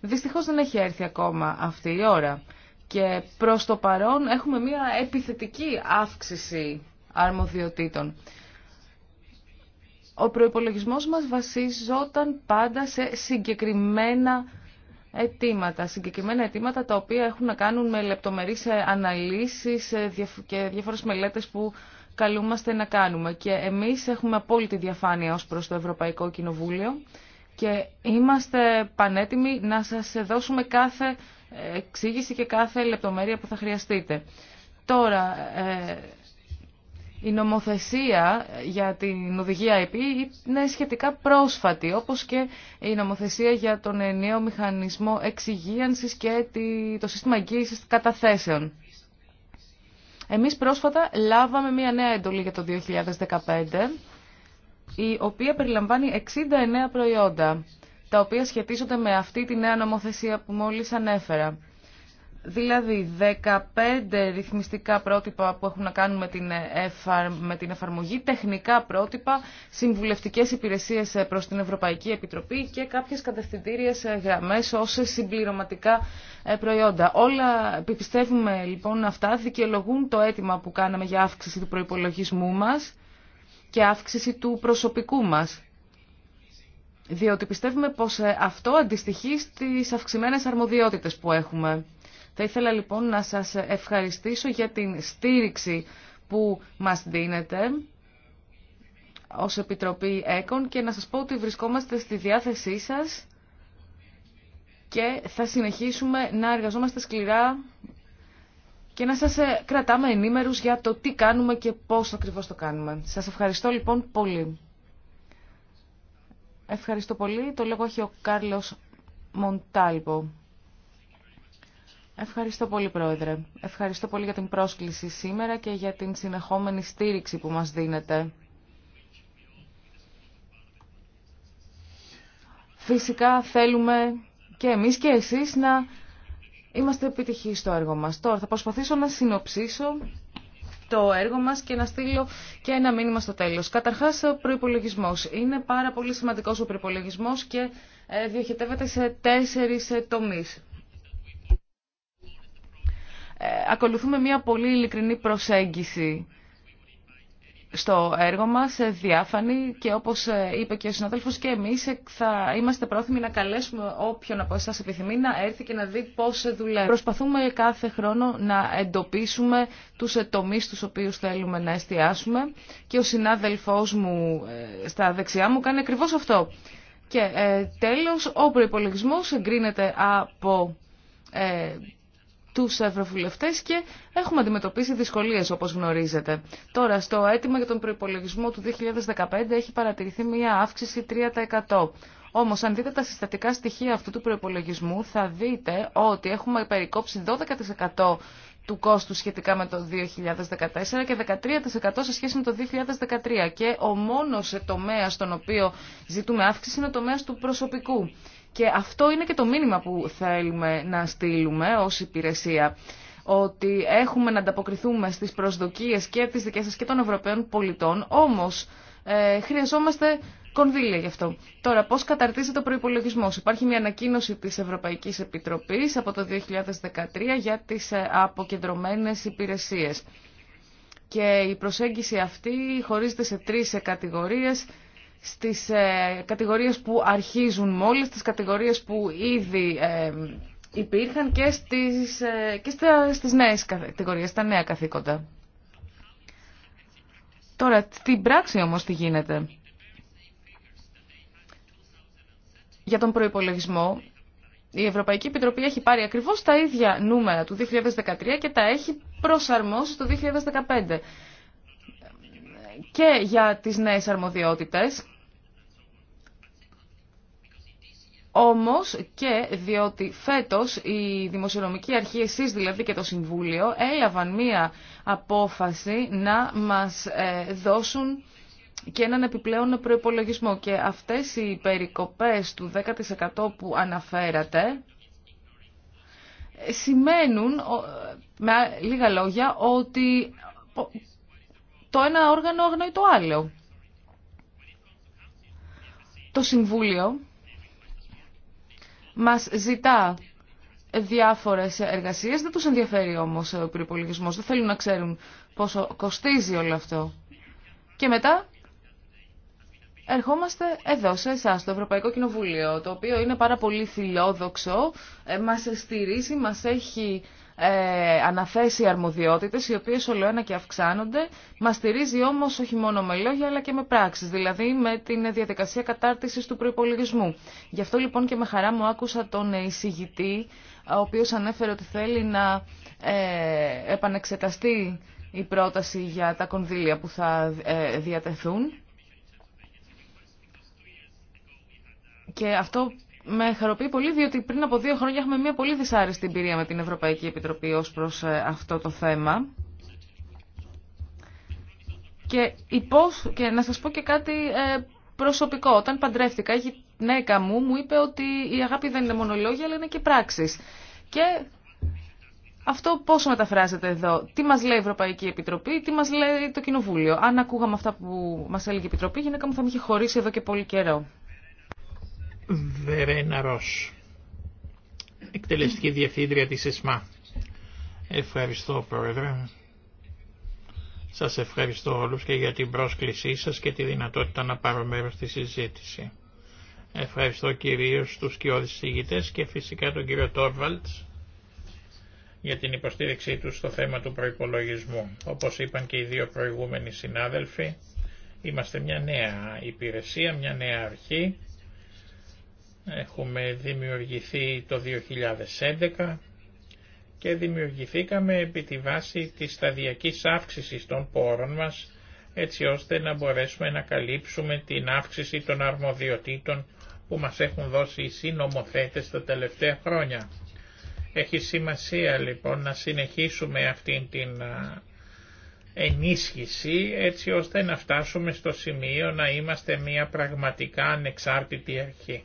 δυστυχώς δεν έχει έρθει ακόμα αυτή η ώρα και προς το παρόν έχουμε μια επιθετική αύξηση αρμοδιοτήτων. Ο προϋπολογισμός μας βασίζονταν πάντα σε συγκεκριμένα αιτήματα, συγκεκριμένα αιτήματα τα οποία έχουν να κάνουν με λεπτομερείς αναλύσεις ε, και διάφορες μελέτες που καλούμαστε να κάνουμε. Και εμείς έχουμε απόλυτη διαφάνεια ως προς το Ευρωπαϊκό Κοινοβούλιο και είμαστε πανέτοιμοι να σας δώσουμε κάθε εξήγηση και κάθε λεπτομέρεια που θα χρειαστείτε. Τώρα, ε, η νομοθεσία για την οδηγία IP είναι σχετικά πρόσφατη, όπως και η νομοθεσία για τον νέο μηχανισμό εξυγίανσης και το σύστημα εγγύησης καταθέσεων. Εμείς πρόσφατα λάβαμε μία νέα εντολή για το 2015 η οποία περιλαμβάνει 69 προϊόντα, τα οποία σχετίζονται με αυτή τη νέα νομοθεσία που μόλις ανέφερα. Δηλαδή 15 ρυθμιστικά πρότυπα που έχουν να κάνουν με την, με την εφαρμογή, τεχνικά πρότυπα, συμβουλευτικές υπηρεσίες προς την Ευρωπαϊκή Επιτροπή και κάποιες κατευθυντήριες γραμμές ως συμπληρωματικά ε, προϊόντα. Όλα, πιστεύουμε λοιπόν αυτά, δικαιολογούν το αίτημα που κάναμε για αύξηση του προϋπολογισμού μας και αύξηση του προσωπικού μας. Διότι πιστεύουμε πως ε, αυτό αντιστοιχεί στις αυξημένες αρμοδιότητες που έχουμε. Θα ήθελα λοιπόν να σας ευχαριστήσω για την στήριξη που μας δίνετε ως Επιτροπή ΕΚΟΝ και να σας πω ότι βρισκόμαστε στη διάθεσή σας και θα συνεχίσουμε να εργαζόμαστε σκληρά και να σας ε, κρατάμε ενήμερους για το τι κάνουμε και πώς ακριβώς το κάνουμε. Σας ευχαριστώ λοιπόν πολύ. Ευχαριστώ πολύ. Το λόγο έχει ο Κάρλος Μοντάλπο. Ευχαριστώ πολύ, Πρόεδρε. Ευχαριστώ πολύ για την πρόσκληση σήμερα και για την συνεχόμενη στήριξη που μας δίνετε. Φυσικά θέλουμε και εμείς και εσείς να Είμαστε επιτυχείς στο έργο μας. Τώρα θα προσπαθήσω να συνοψίσω το έργο μας και να στείλω και ένα μήνυμα στο τέλος. Καταρχάς, ο προϋπολογισμός. Είναι πάρα πολύ σημαντικός ο προϋπολογισμός και ε, διοχετεύεται σε τέσσερις ε, τομείς. Ε, ακολουθούμε μια πολύ ειλικρινή προσέγγιση στο έργο μας ε, διάφανη και όπως ε, είπε και ο συνάδελφος και εμείς ε, θα είμαστε πρόθυμοι να καλέσουμε όποιον από εσάς επιθυμεί να έρθει και να δει πώς δουλεύει. Προσπαθούμε κάθε χρόνο να εντοπίσουμε τους τομείς τους οποίους θέλουμε να εστιάσουμε και ο συνάδελφός μου στα δεξιά μου κάνει ακριβώς αυτό. Και τέλος ο προπολογισμό εγκρίνεται από του ευρωβουλευτές και έχουμε αντιμετωπίσει δυσκολίες όπως γνωρίζετε. Τώρα στο αίτημα για τον προϋπολογισμό του 2015 έχει παρατηρηθεί μια αύξηση 3%. Όμως αν δείτε τα συστατικά στοιχεία αυτού του προϋπολογισμού θα δείτε ότι έχουμε περικόψει 12% του κόστου σχετικά με το 2014 και 13% σε σχέση με το 2013. Και ο μόνος τομέας στον οποίο ζητούμε αύξηση είναι ο τομέας του προσωπικού. Και αυτό είναι και το μήνυμα που θέλουμε να στείλουμε ως υπηρεσία ότι έχουμε να ανταποκριθούμε στις προσδοκίες και τις δικές σας και των Ευρωπαίων πολιτών, όμως ε, χρειαζόμαστε κονδύλια γι' αυτό. Τώρα, πώς καταρτίζεται ο προϋπολογισμός. Υπάρχει μια ανακοίνωση της Ευρωπαϊκής Επιτροπής από το 2013 για τις ε, αποκεντρωμένες υπηρεσίες. Και η προσέγγιση αυτή χωρίζεται σε τρεις ε, κατηγορίες στις ε, κατηγορίες που αρχίζουν μόλις, στις κατηγορίες που ήδη ε, υπήρχαν και στις, ε, και στα, στις νέες κατηγορίες, στα νέα καθήκοντα. Τώρα, στην πράξη όμως τι γίνεται. Για τον προϋπολογισμό, η Ευρωπαϊκή Επιτροπή έχει πάρει ακριβώς τα ίδια νούμερα του 2013 και τα έχει προσαρμόσει το 2015. Και για τις νέες αρμοδιότητες, Όμως και διότι φέτος η Δημοσιονομική Αρχή, εσείς δηλαδή και το Συμβούλιο, έλαβαν μία απόφαση να μας ε, δώσουν και έναν επιπλέον προϋπολογισμό. Και αυτές οι περικοπές του 10% που αναφέρατε σημαίνουν, με λίγα λόγια, ότι το ένα όργανο αγνοεί το άλλο. Το Συμβούλιο μας ζητά διάφορες εργασίες. Δεν τους ενδιαφέρει όμως ο προπολογισμό. Δεν θέλουν να ξέρουν πόσο κοστίζει όλο αυτό. Και μετά ερχόμαστε εδώ σε εσά, στο Ευρωπαϊκό Κοινοβούλιο, το οποίο είναι πάρα πολύ φιλόδοξο, ε, μας στηρίζει, μας έχει ε, αναθέσει αρμοδιότητες, οι οποίες ολοένα και αυξάνονται. Μα στηρίζει όμως όχι μόνο με λόγια, αλλά και με πράξεις, δηλαδή με την διαδικασία κατάρτισης του προϋπολογισμού. Γι' αυτό λοιπόν και με χαρά μου άκουσα τον εισηγητή, ο οποίος ανέφερε ότι θέλει να ε, επανεξεταστεί η πρόταση για τα κονδύλια που θα ε, διατεθούν. Και αυτό με χαροποιεί πολύ διότι πριν από δύο χρόνια έχουμε μια πολύ δυσάρεστη εμπειρία με την Ευρωπαϊκή Επιτροπή ως προς ε, αυτό το θέμα. Και, υπός, και να σας πω και κάτι ε, προσωπικό. Όταν παντρεύτηκα, η γυναίκα μου μου είπε ότι η αγάπη δεν είναι μόνο λόγια, αλλά είναι και πράξεις. Και αυτό πόσο μεταφράζεται εδώ. Τι μας λέει η Ευρωπαϊκή Επιτροπή, τι μας λέει το Κοινοβούλιο. Αν ακούγαμε αυτά που μας έλεγε η Επιτροπή, η γυναίκα μου θα με είχε χωρίσει εδώ και πολύ καιρό. Βερένα Ρος, εκτελεστική διευθύντρια της ΕΣΜΑ. Ευχαριστώ Πρόεδρε. Σας ευχαριστώ όλους και για την πρόσκλησή σας και τη δυνατότητα να πάρω μέρος στη συζήτηση. Ευχαριστώ κυρίως τους κοιόδης συγητές και φυσικά τον κύριο Τόρβαλτς για την υποστήριξή τους στο θέμα του προϋπολογισμού. Όπως είπαν και οι δύο προηγούμενοι συνάδελφοι, είμαστε μια νέα υπηρεσία, μια νέα αρχή Έχουμε δημιουργηθεί το 2011 και δημιουργηθήκαμε επί τη βάση της σταδιακής αύξησης των πόρων μας έτσι ώστε να μπορέσουμε να καλύψουμε την αύξηση των αρμοδιοτήτων που μας έχουν δώσει οι συνομοθέτες τα τελευταία χρόνια. Έχει σημασία λοιπόν να συνεχίσουμε αυτήν την ενίσχυση έτσι ώστε να φτάσουμε στο σημείο να είμαστε μια πραγματικά ανεξάρτητη αρχή.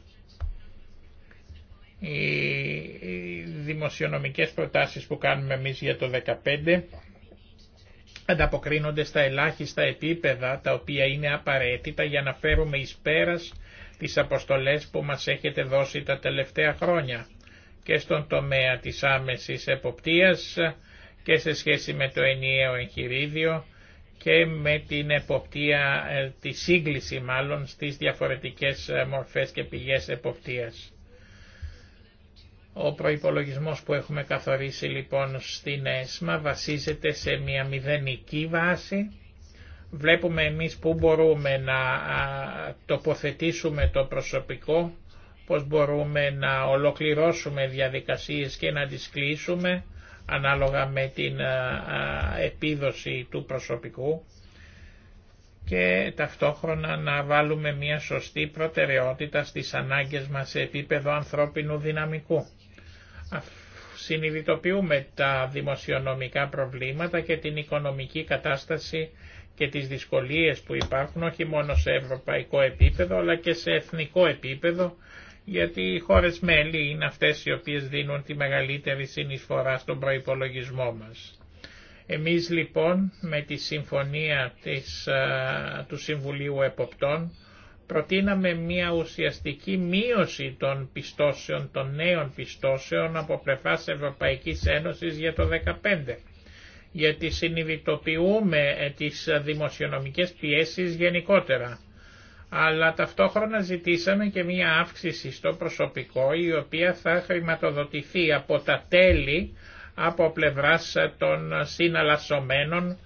Οι δημοσιονομικές προτάσεις που κάνουμε εμείς για το 2015 ανταποκρίνονται στα ελάχιστα επίπεδα τα οποία είναι απαραίτητα για να φέρουμε εις πέρας τις αποστολές που μας έχετε δώσει τα τελευταία χρόνια και στον τομέα της άμεσης εποπτείας και σε σχέση με το ενιαίο εγχειρίδιο και με την εποπτεία, ε, τη σύγκληση μάλλον στις διαφορετικές ε, μορφές και πηγές εποπτείας. Ο προϋπολογισμός που έχουμε καθορίσει λοιπόν στην ΕΣΜΑ βασίζεται σε μια μηδενική βάση. Βλέπουμε εμείς πού μπορούμε να τοποθετήσουμε το προσωπικό, πώς μπορούμε να ολοκληρώσουμε διαδικασίες και να τις κλείσουμε ανάλογα με την επίδοση του προσωπικού και ταυτόχρονα να βάλουμε μια σωστή προτεραιότητα στις ανάγκες μας σε επίπεδο ανθρώπινου δυναμικού. Συνειδητοποιούμε τα δημοσιονομικά προβλήματα και την οικονομική κατάσταση και τις δυσκολίες που υπάρχουν όχι μόνο σε ευρωπαϊκό επίπεδο αλλά και σε εθνικό επίπεδο γιατί οι χώρες μέλη είναι αυτές οι οποίες δίνουν τη μεγαλύτερη συνεισφορά στον προϋπολογισμό μας. Εμείς λοιπόν με τη συμφωνία της, του Συμβουλίου Εποπτών προτείναμε μια ουσιαστική μείωση των πιστώσεων, των νέων πιστώσεων από πλευρά Ευρωπαϊκής Ένωσης για το 2015 γιατί συνειδητοποιούμε ε, τις δημοσιονομικές πιέσεις γενικότερα. Αλλά ταυτόχρονα ζητήσαμε και μία αύξηση στο προσωπικό η οποία θα χρηματοδοτηθεί από τα τέλη από πλευράς ε, των συναλλασσομένων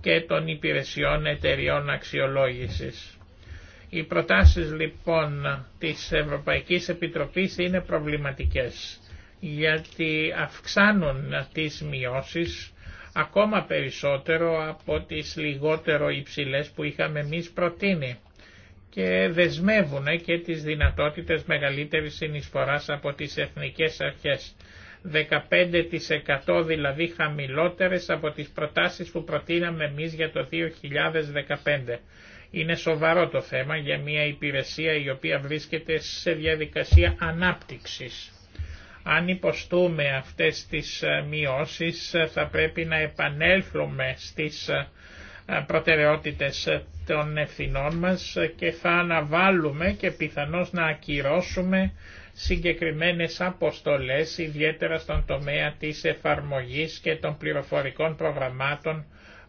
και των υπηρεσιών εταιριών αξιολόγησης. Οι προτάσεις λοιπόν της Ευρωπαϊκής Επιτροπής είναι προβληματικές γιατί αυξάνουν τις μειώσεις ακόμα περισσότερο από τις λιγότερο υψηλές που είχαμε εμείς προτείνει και δεσμεύουν και τις δυνατότητες μεγαλύτερης συνεισφοράς από τις εθνικές αρχές. 15% δηλαδή χαμηλότερες από τις προτάσεις που προτείναμε εμείς για το 2015. Είναι σοβαρό το θέμα για μια υπηρεσία η οποία βρίσκεται σε διαδικασία ανάπτυξης. Αν υποστούμε αυτές τις ε, μειώσεις ε, θα πρέπει να επανέλθουμε στις ε, προτεραιότητες των ευθυνών μας και θα αναβάλουμε και πιθανώς να ακυρώσουμε συγκεκριμένες αποστολές ιδιαίτερα στον τομέα της εφαρμογής και των πληροφορικών προγραμμάτων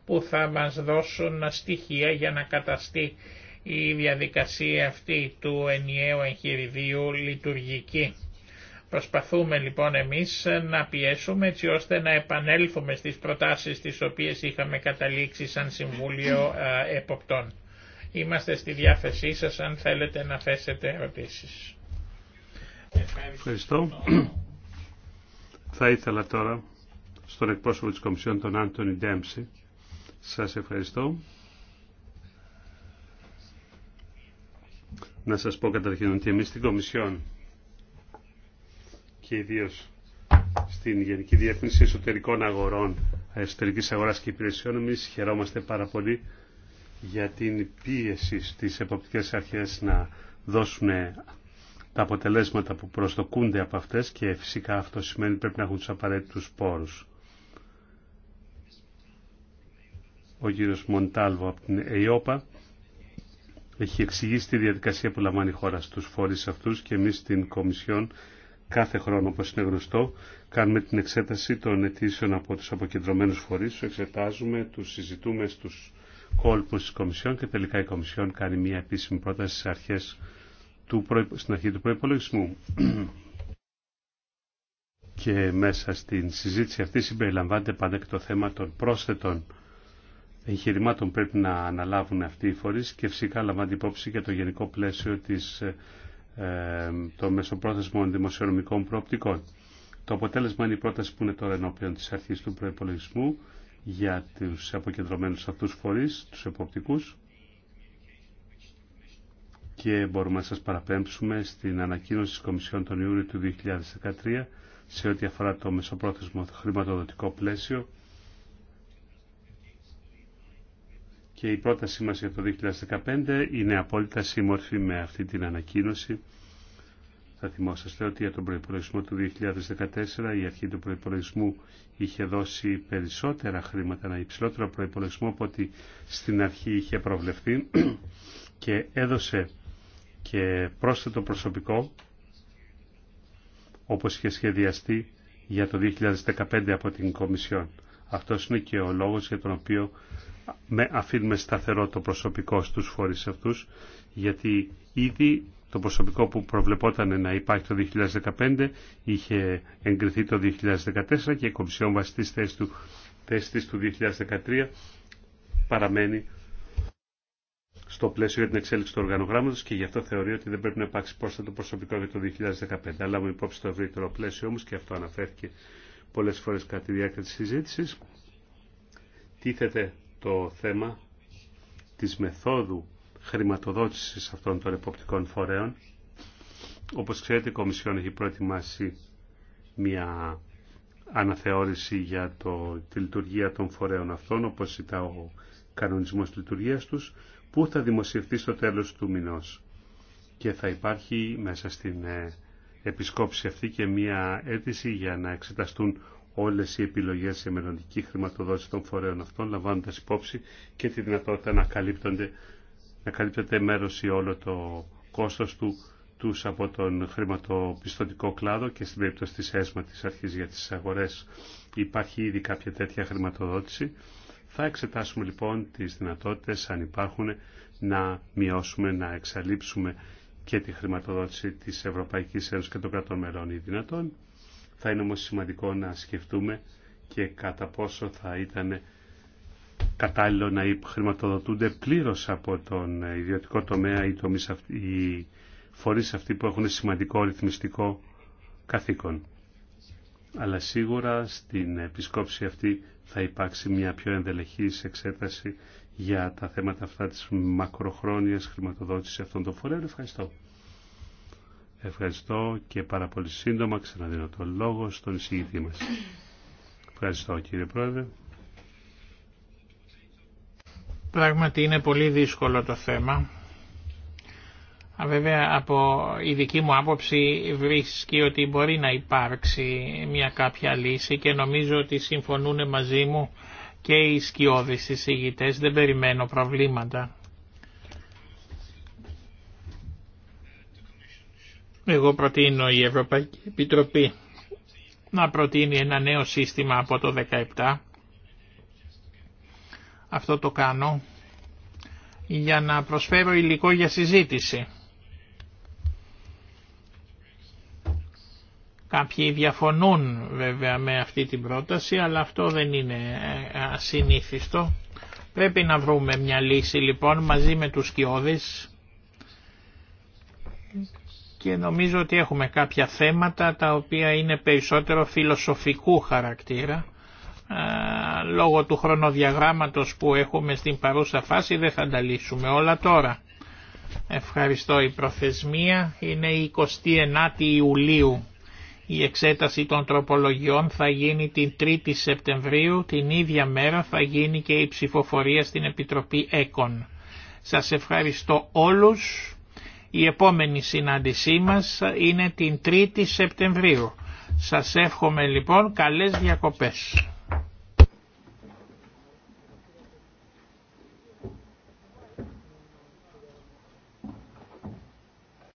που θα μας δώσουν στοιχεία για να καταστεί η διαδικασία αυτή του ενιαίου εγχειριδίου λειτουργική. Προσπαθούμε λοιπόν εμείς να πιέσουμε έτσι ώστε να επανέλθουμε στις προτάσεις τις οποίες είχαμε καταλήξει σαν Συμβούλιο Εποπτών. Είμαστε στη διάθεσή σας αν θέλετε να θέσετε ερωτήσεις. Ευχαριστώ. Θα ήθελα τώρα στον εκπρόσωπο της Κομισιόν, τον Άντωνη Ντέμψη, σας ευχαριστώ. Να σας πω καταρχήν ότι εμείς στην Κομισιόν και ιδίω στην Γενική Διεύθυνση Εσωτερικών Αγορών, Εσωτερικής Αγοράς και Υπηρεσιών, εμείς χαιρόμαστε πάρα πολύ για την πίεση στις εποπτικές αρχές να δώσουν τα αποτελέσματα που προσδοκούνται από αυτές και φυσικά αυτό σημαίνει πρέπει να έχουν τους απαραίτητους πόρους. ο κύριος Μοντάλβο από την ΕΙΟΠΑ έχει εξηγήσει τη διαδικασία που λαμβάνει η χώρα στους φορείς αυτούς και εμείς στην Κομισιόν κάθε χρόνο όπως είναι γνωστό κάνουμε την εξέταση των αιτήσεων από τους αποκεντρωμένους φορείς, τους εξετάζουμε, τους συζητούμε στους κόλπους της Κομισιόν και τελικά η Κομισιόν κάνει μια επίσημη πρόταση στις αρχές του, στην αρχή του προϋπολογισμού. και μέσα στην συζήτηση αυτή συμπεριλαμβάνεται πάντα και το θέμα των πρόσθετων εγχειρημάτων πρέπει να αναλάβουν αυτοί οι φορείς και φυσικά λαμβάνει υπόψη και το γενικό πλαίσιο της, ε, των μεσοπρόθεσμων δημοσιονομικών προοπτικών. Το αποτέλεσμα είναι η πρόταση που είναι τώρα ενώπιον της αρχής του προπολογισμού για τους αποκεντρωμένους αυτούς φορείς, τους εποπτικούς και μπορούμε να σας παραπέμψουμε στην ανακοίνωση της Κομισιόν τον Ιούνιο του 2013 σε ό,τι αφορά το μεσοπρόθεσμο χρηματοδοτικό πλαίσιο και η πρότασή μας για το 2015 είναι απόλυτα σύμμορφη με αυτή την ανακοίνωση. Θα θυμόσαστε ότι για τον προϋπολογισμό του 2014 η αρχή του προϋπολογισμού είχε δώσει περισσότερα χρήματα, ένα υψηλότερο προϋπολογισμό από ότι στην αρχή είχε προβλεφθεί *clears throat* και έδωσε και πρόσθετο προσωπικό όπως είχε σχεδιαστεί για το 2015 από την Κομισιόν. Αυτός είναι και ο λόγος για τον οποίο με αφήνουμε σταθερό το προσωπικό στους φορείς αυτούς, γιατί ήδη το προσωπικό που προβλεπόταν να υπάρχει το 2015 είχε εγκριθεί το 2014 και η Κομισιόν βασιστής θέση του, 2013 παραμένει στο πλαίσιο για την εξέλιξη του οργανογράμματος και γι' αυτό θεωρεί ότι δεν πρέπει να υπάρξει πρόσθετο προσωπικό για το 2015. Αλλά μου υπόψη το ευρύτερο πλαίσιο όμως και αυτό αναφέρθηκε πολλές φορές κατά τη διάρκεια της συζήτησης. Τίθεται το θέμα της μεθόδου χρηματοδότησης αυτών των εποπτικών φορέων. Όπως ξέρετε, η Κομισιόν έχει προετοιμάσει μια αναθεώρηση για το, τη λειτουργία των φορέων αυτών, όπως ζητά ο κανονισμός λειτουργίας τους, που θα δημοσιευτεί στο τέλος του μηνός. Και θα υπάρχει μέσα στην ε, επισκόψη αυτή και μια αίτηση για να εξεταστούν Όλε οι επιλογέ σε μελλοντική χρηματοδότηση των φορέων αυτών, λαμβάνοντα υπόψη και τη δυνατότητα να, καλύπτονται, να καλύπτεται μέρος ή όλο το κόστος του τους από τον χρηματοπιστωτικό κλάδο και στην περίπτωση της ΕΣΜΑ της Αρχής για τις Αγορές υπάρχει ήδη κάποια τέτοια χρηματοδότηση. Θα εξετάσουμε λοιπόν τις δυνατότητες αν υπάρχουν να μειώσουμε, να εξαλείψουμε και τη χρηματοδότηση της Ευρωπαϊκής Ένωσης και των κρατών μελών ή δυνατών. Θα είναι όμως σημαντικό να σκεφτούμε και κατά πόσο θα ήταν κατάλληλο να χρηματοδοτούνται πλήρως από τον ιδιωτικό τομέα οι, τομείς, οι φορείς αυτοί που έχουν σημαντικό ρυθμιστικό καθήκον. Αλλά σίγουρα στην επισκόψη αυτή θα υπάρξει μια πιο ενδελεχής εξέταση για τα θέματα αυτά της μακροχρόνιας χρηματοδότησης αυτών των φορέων. Ευχαριστώ. Ευχαριστώ και πάρα πολύ σύντομα ξαναδίνω το λόγο στον εισηγητή μας. Ευχαριστώ κύριε Πρόεδρε. Πράγματι είναι πολύ δύσκολο το θέμα. Βέβαια από η δική μου άποψη βρίσκει ότι μπορεί να υπάρξει μια κάποια λύση και νομίζω ότι συμφωνούν μαζί μου και οι σκιώδεις εισηγητές. Δεν περιμένω προβλήματα. Εγώ προτείνω η Ευρωπαϊκή Επιτροπή να προτείνει ένα νέο σύστημα από το 17. Αυτό το κάνω για να προσφέρω υλικό για συζήτηση. Κάποιοι διαφωνούν βέβαια με αυτή την πρόταση, αλλά αυτό δεν είναι ε, ασυνήθιστο. Πρέπει να βρούμε μια λύση λοιπόν μαζί με τους κοιόδης και νομίζω ότι έχουμε κάποια θέματα τα οποία είναι περισσότερο φιλοσοφικού χαρακτήρα. Ε, λόγω του χρονοδιαγράμματος που έχουμε στην παρούσα φάση δεν θα τα λύσουμε όλα τώρα. Ευχαριστώ η προθεσμία. Είναι η 29η Ιουλίου. Η εξέταση των τροπολογιών θα γίνει την 3η Σεπτεμβρίου. Την ίδια μέρα θα γίνει και η ψηφοφορία στην Επιτροπή ΕΚΟΝ. Σας ευχαριστώ όλους. Η επόμενη συνάντησή μας είναι την 3η Σεπτεμβρίου. Σας εύχομαι λοιπόν καλές διακοπές.